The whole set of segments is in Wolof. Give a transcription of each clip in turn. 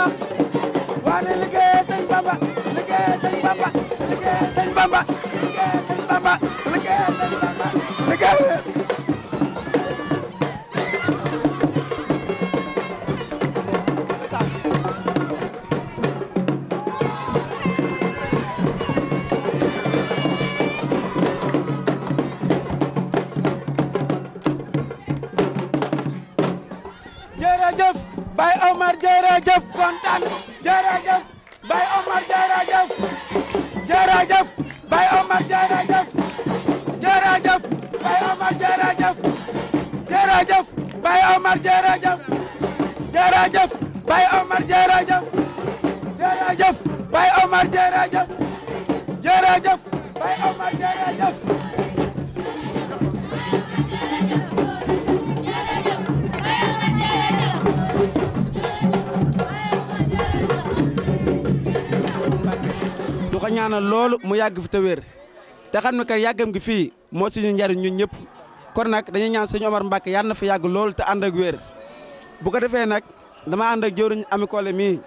Bamba waane liggéey sëñ Bamba liggéey sëñ Bamba liggéey sëñ Bamba liggéey sëñ Bamba liggéey sëñ Bamba liggéey Omar jërëjëf kontaan jërëjëf Baye Omar jërëjëf jërëjëf Baye Omar jërëjëf jërëjëf Baye Omar jërëjëf jërëjëf Baye Omar jërëjëf jërëjëf Baye Omar jërëjëf jërëjëf Baye Omar jërëjëf jërëjëf Baye Omar jërëjëf ñaana ñaanal loolu mu yàgg fi te wér te xam ne kat yàggam gi fii moo suñu njariñ ñun ñëpp kon nag dañu ñaan sëñ Omar Mbacke yàlla na fi yàgg loolu te ànd ak wér bu ko defee nag dama ànd ak jëwriñ Ami Collé mii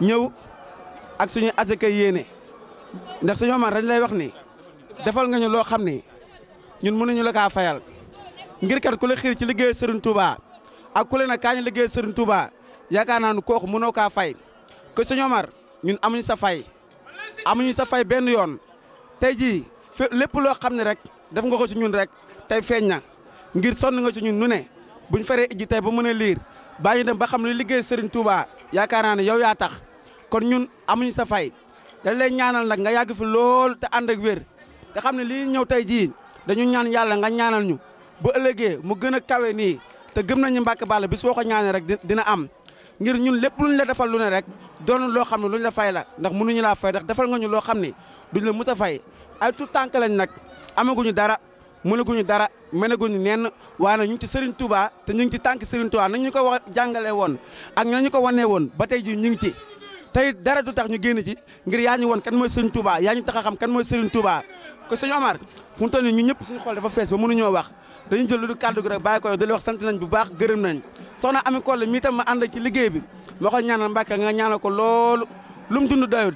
ñëw ak suñu asaka yéene ndax sëñ Omar dañ lay wax ni defal nga ñu loo xam ni ñun mënuñu la kaa fayal ngir kat ku la xiir ci liggéey Serigne Touba ak ku la nag kaañu liggéey Serigne Touba yaakaar naa ne kooku mënoo kaa fay ko sëñ Omar ñun amuñ sa fay amuñu sa fay benn yoon tey jii lépp loo xam ne rek def nga ko ci ñun rek tey feeñ na ngir sonn nga ci ñun nu ne buñ feree ijji tey ba mën a liir bàyyi dem ba xam ne liggéey Serigne Touba yaakaar naa ne yow yaa tax kon ñun amuñu sa fay dañ lay ñaanal nag nga yàgg fi lool te ànd ak wér te xam ne lii ñëw tey jii dañu ñaan yàlla nga ñaanal ñu bu ëllëgee mu gën a kawe nii te gëm nañu Mbàkke Balla bis boo ko ñaanee rek dina am ngir ñun lépp lu ñu la defal lu ne rek doonul loo xam ne luñ la fay la ndax mënuñu laa fay ndax defal nga ñu loo xam ne duñ la mës a fay ay tout tànk lañ nag amaguñu dara mënaguñu dara mënaguñu nenn waaye nag ñu ngi ci Serigne Touba te ñu ci tànk Serigne Touba nañ ñu ko wax jàngalee woon ak ñu ko wanee woon ba tey ji ñu ngi ci tey dara du tax ñu génn ci ngir yaa ñu woon kan mooy Serigne yaa ñu tax a xam kan mooy Serigne Touba ko sëñ Omar fu mu toll ñu ñëpp suñu xol dafa fees ba wax dañu jël lu du kàddu gi rek bàyyi ko di la wax sant nañ bu baax gërëm nañ soxna Ami Collé mii tam ma ànd ci liggéey bi ma ko ñaanal Mbàkke nga ñaanal ko loolu lu mu dund doyut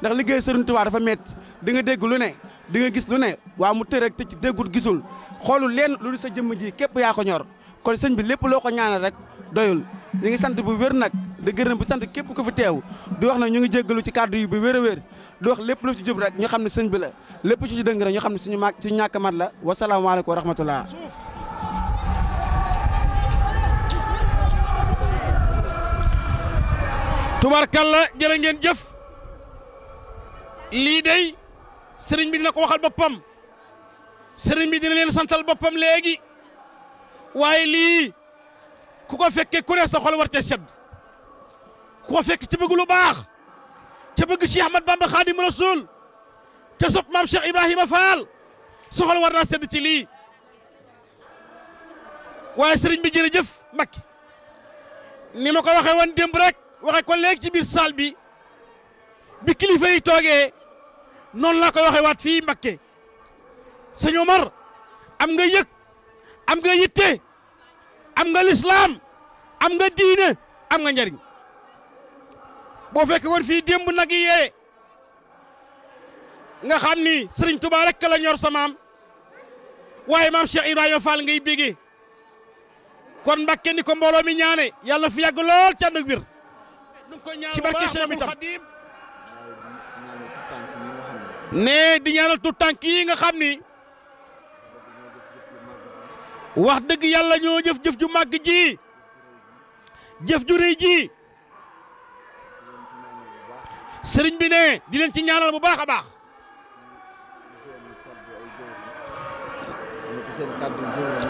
ndax liggéey Sëriñ Tuubaa dafa metti di nga dégg lu ne di nga gis lu ne waa mu tër rek te ci déggut gisul xoolul leen lu du sa jëmm ji képp yaa ko ñor kon sëñ bi lépp loo ko ñaanal rek doyul ñu ngi sant bu wér nag di gërëm bu sant képp ku fi teew di wax na ñu ngi jéggalu ci kàddu yi bu wér a wér di wax lépp lu ci jub rek ñu xam ne sëñ bi la lépp ci dëng rek ñu xam ne suñu maag suñu ñàkk mat la wasalaamaaleykum wa rahmatullah tubarkalla jërë ngeen jëf lii day sëriñ bi dina ko waxal boppam sëriñ bi dina leen santal boppam léegi waaye lii ku ko fekkee ku ne war te sedd ku ko fekk ci bëgg lu baax ca bëgg Cheikh Ahmad Bamba Xaadim Rasul te sopp maam Cheikh Ibrahima Fall sa xol war naa sedd ci lii waaye sëriñ bi jërëjëf Mbacke ni ma ko waxee woon démb rek waxe ko léegi ci biir salle bi bi kilifa yi toogee noonu laa koy waxee waat fii Mbacke sëñ Omar am nga yëg am nga yitte am nga lislaam am nga diine am nga njariñ boo fekke woon fii démb nag yi yee nga xam ni sëriñ Tuubaa rekk la ñor sa maam waaye maam Cheikh Ibrahima Fall ngay bégee kon Mbàkke ni ko mbooloo mi ñaane yàlla fi yàgg lool ca ànd ak ci barke Cheikh bi tam ne di ñaanal tu tànk yi nga xam ni wax dëgg yàlla ñoo jëf jëf ju màgg ji jëf ju rëy ji sëriñ bi ne di ci ñaanal bu baax a baax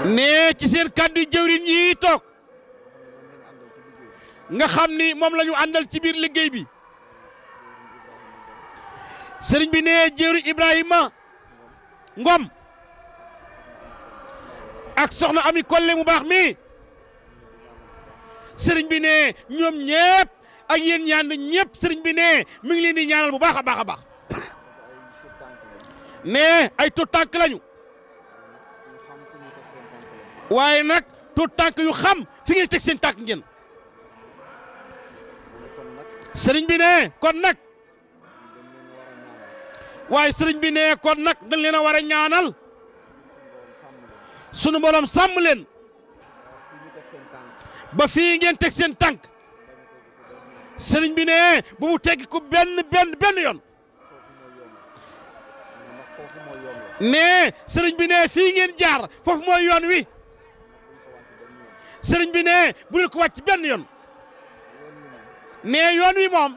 nee ci seen kàddu jëwriñ yi toog nga xam ni moom lañu àndal ci biir liggéey bi sëriñ bi ne jëwriñ Ibrahima Ngom ak soxna ami kolle mu baax mi sëriñ bi ne ñoom ñëpp ak yéen ñaan ñëpp sëriñ bi ne mi leen di ñaanal bu baax a baax a baax ne ay tout tànk lañu waaye nag tout tànk yu xam fi ngeen teg tànk ngeen sëriñ bi ne kon nag waaye sëriñ bi ne kon nag dañ leen a war a ñaanal sunu borom sàmm leen ba fii ngeen teg seen tànk sëriñ bi ne bu mu teggi ku benn benn benn yoon ne sëriñ bi ne fii ngeen jaar foofu mooy yoon wi sëriñ bi ne bu leen ko wàcc benn yoon ne yoon wi moom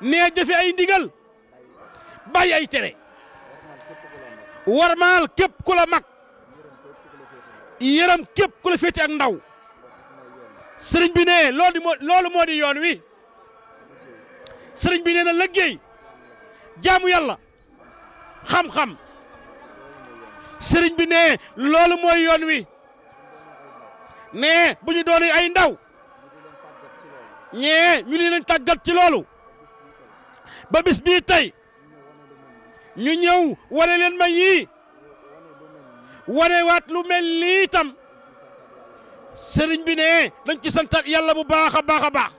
ne jëfe ay ndigal bàyyi ay tere warmaal képp ku la mag yërëm képp ku la féete ak ndaw sëriñ bi ne loolu di moo di yoon wi sëriñ bi nee na liggéey jaamu yàlla xam-xam sëriñ bi ne loolu mooy yoon wi ne bu ñu doonee ay ndaw ñee ñu li leen tàggat ci loolu ba bis bii tey ñu ñëw wane leen ma yii wanewaat lu mel lii tam sëriñ bi ne dañ ci santaat yàlla bu baax a baax a baax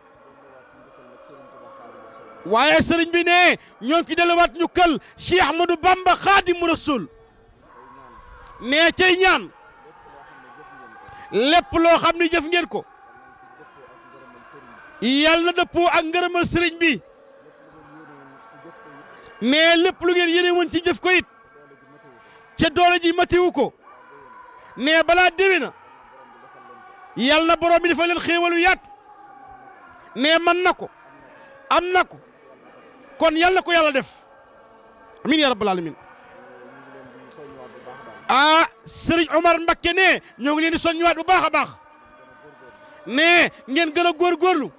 waaye sëriñ bi ne ñoo ci delluwaat ñu kël Cheikh Ahmadou Bamba Xaadimu Rasul nee cay ñaan lépp loo xam ne jëf ngeen ko yàlla na dëppoo ak ngërëmal sëriñ bi mais lépp lu ngeen yéene woon ci jëf ko it ca doole ji matiwu ko nee balaa déwé na yàlla na borom bi dafa leen xéewal nee man na ko am na ko kon yàlla na ko yàlla def amin ya rabbal alamin ah Serigne Omar Mbakke nee ñoo ngi leen bu baax a baax nee ngeen gën a góorgóorlu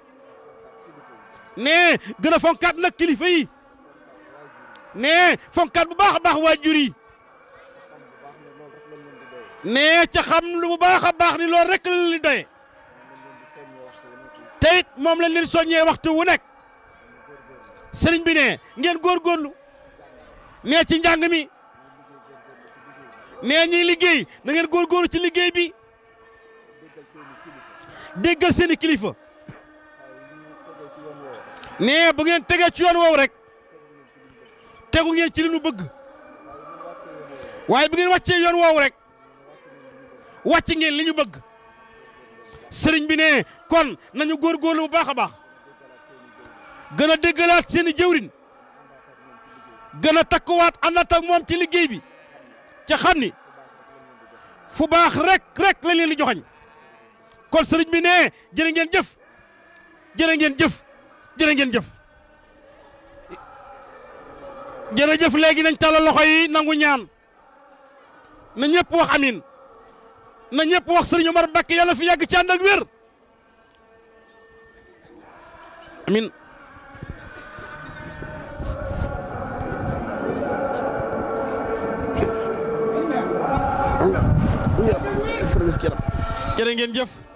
nee gën a fonkaat nag kilifa yi nee fonkaat bu baax a baax waajur yi nee ca xam lu bu baax a baax ni loolu rek la leen doy te moom lañ leen soññee waxtu wu nekk sëriñ bi ne ngeen góorgóorlu nee ci njàng mi nee ñiy liggéey na ngeen góorgóorlu ci liggéey bi déggal seeni kilifa nee bu ngeen tegee ci yoon woowu rek tegu ngeen ci li nu bëgg waaye bu ngeen wàccee yoon woowu rek. wàcc ngeen li ñu bëgg sëriñ bi ne kon nañu góor bu baax a baax gën a déggalaat seen i jëwrin gën a takkuwaat àndat ak moom ci liggéey bi ca xam ni fu baax rek rek lañ leen di joxañ kon sëriñ bi ne jërë ngeen jëf jërë ngeen jëf jërë ngeen jëf jërëjëf léegi nañ tàllal loxo yi nangu ñaan na ñëpp wax amin na ñëpp wax sëriñ Omar Mbakke yàlla fi yàgg ci ànd ak wér amin jërë ngeen jëf